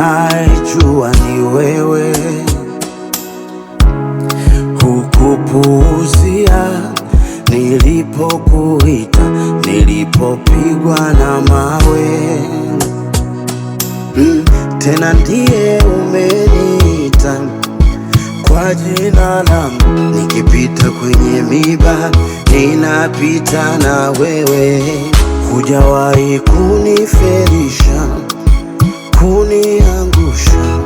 ninayejua ni wewe, hukupuuzia nilipokuita, nilipopigwa na mawe mm, tena ndiye umeniita kwa jina langu, nikipita kwenye miba ninapita na wewe, hujawahi kunifelisha kuniangusha,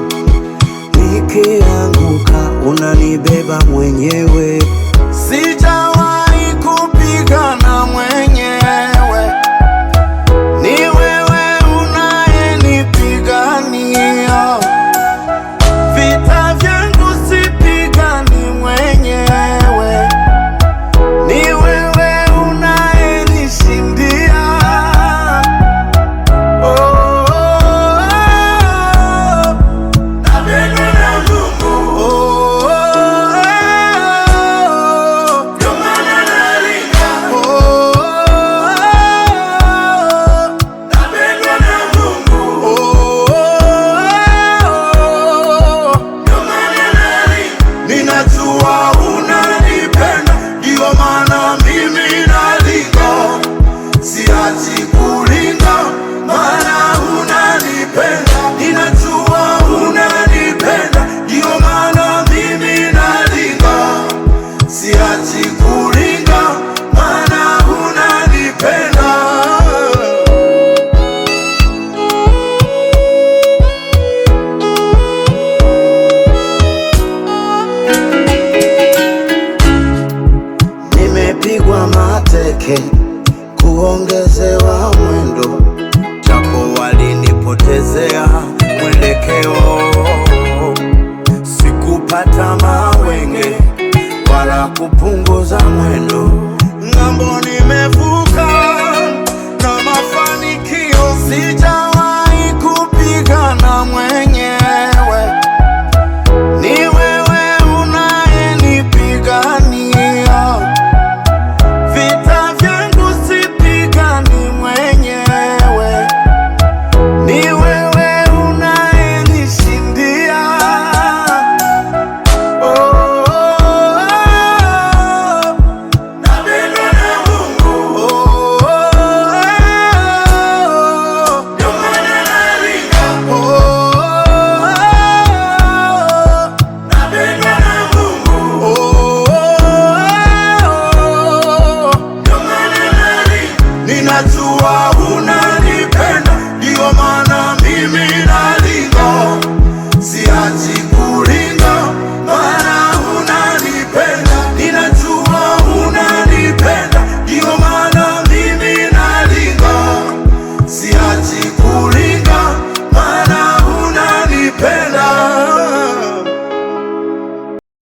nikianguka unanibeba mwenyewe. mateke, kuongezewa mwendo, japo walinipotezea mwelekeo, sikupata mawenge wala kupunguza mwendo, ng'ambo nimevuka na mafanikio, sijawahi kupigana mwenge 鼓励。